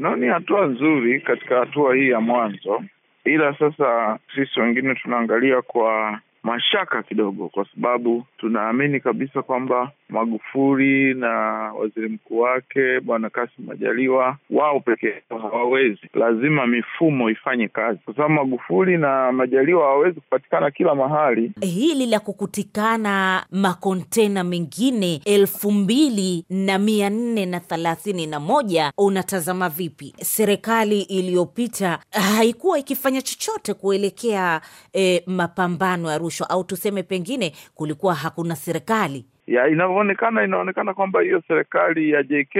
Naoni hatua nzuri katika hatua hii ya mwanzo, ila sasa sisi wengine tunaangalia kwa mashaka kidogo, kwa sababu tunaamini kabisa kwamba Magufuli na waziri mkuu wake Bwana Kassim Majaliwa wao pekee hawawezi, lazima mifumo ifanye kazi, kwa sababu Magufuli na Majaliwa hawawezi kupatikana kila mahali. Hili la kukutikana makontena mengine elfu mbili na mia nne na thelathini na moja unatazama vipi? Serikali iliyopita haikuwa ikifanya chochote kuelekea eh, mapambano ya rushwa, au tuseme pengine kulikuwa hakuna serikali ya inavyoonekana. Inaonekana kwamba hiyo serikali ya JK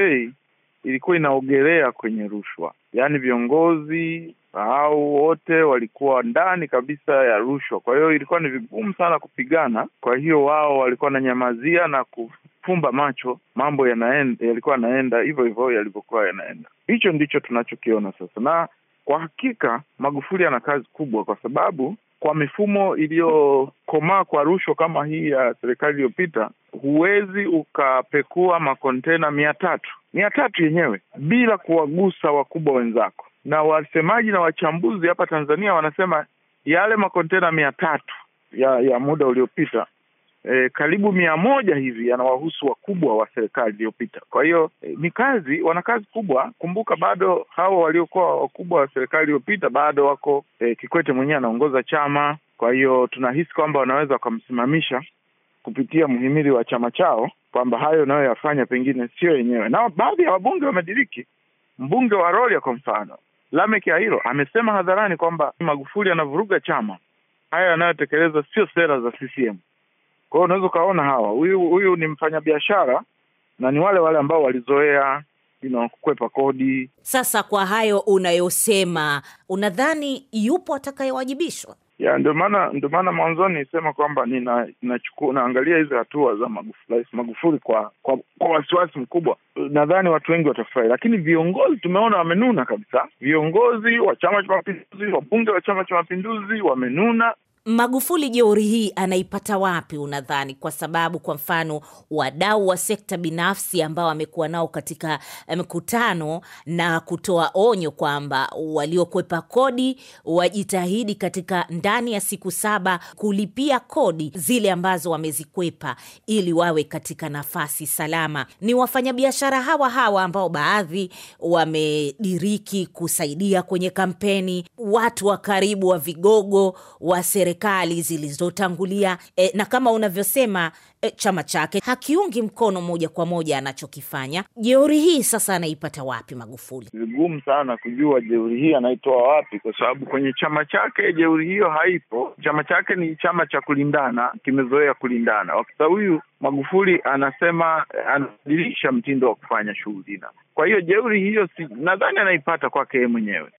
ilikuwa inaogelea kwenye rushwa, yaani viongozi au wote walikuwa ndani kabisa ya rushwa. Kwa hiyo ilikuwa ni vigumu sana kupigana. Kwa hiyo wao walikuwa wananyamazia na kufumba macho, mambo yalikuwa yanaenda hivyo hivyo yalivyokuwa yanaenda. Hicho ndicho tunachokiona sasa, na kwa hakika Magufuli ana kazi kubwa, kwa sababu kwa mifumo iliyokomaa kwa rushwa kama hii ya serikali iliyopita, huwezi ukapekua makontena mia tatu mia tatu yenyewe bila kuwagusa wakubwa wenzako. Na wasemaji na wachambuzi hapa Tanzania wanasema yale makontena mia tatu ya, ya muda uliopita e, karibu mia moja hivi yanawahusu wakubwa wa serikali iliyopita. Kwa hiyo e, ni kazi, wana kazi kubwa. Kumbuka bado hawa waliokuwa wakubwa wa serikali iliyopita bado wako e, Kikwete mwenyewe anaongoza chama, kwa hiyo tunahisi kwamba wanaweza wakamsimamisha kupitia mhimili wa chama chao, kwamba hayo unayoyafanya pengine sio yenyewe. Na baadhi ya wabunge wamediriki. Mbunge wa Rorya kwa mfano, Lamek Ahiro amesema hadharani kwamba Magufuli anavuruga chama, haya yanayotekeleza sio sera za CCM kwao unaweza ukaona hawa, huyu huyu ni mfanyabiashara na ni wale wale ambao walizoea you know, kukwepa kodi. Sasa kwa hayo unayosema, unadhani yupo atakayewajibishwa? ya ndio maana ndio maana mwanzoni nisema kwamba ninachukua naangalia hizi hatua za Magufuli, Magufuli kwa kwa, kwa wasiwasi mkubwa. Nadhani watu wengi watafurahi, lakini viongozi tumeona wamenuna kabisa. Viongozi wa Chama cha Mapinduzi, wabunge wa Chama cha Mapinduzi wamenuna. Magufuli jeuri hii anaipata wapi unadhani? Kwa sababu kwa mfano wadau wa sekta binafsi ambao amekuwa nao katika eh, mkutano na kutoa onyo kwamba waliokwepa kodi wajitahidi katika ndani ya siku saba kulipia kodi zile ambazo wamezikwepa ili wawe katika nafasi salama. Ni wafanyabiashara hawa hawa ambao baadhi wamediriki kusaidia kwenye kampeni, watu wa karibu wa vigogo wa serikali serikali zilizotangulia e, na kama unavyosema e, chama chake hakiungi mkono moja kwa moja anachokifanya. Jeuri hii sasa anaipata wapi Magufuli? Vigumu sana kujua jeuri hii anaitoa wapi, kwa sababu kwenye chama chake jeuri hiyo haipo. Chama chake ni chama cha kulindana, kimezoea kulindana. Wakati huyu Magufuli anasema eh, anabadilisha mtindo wa kufanya shughuli, na kwa hiyo jeuri hiyo si, nadhani anaipata kwake mwenyewe.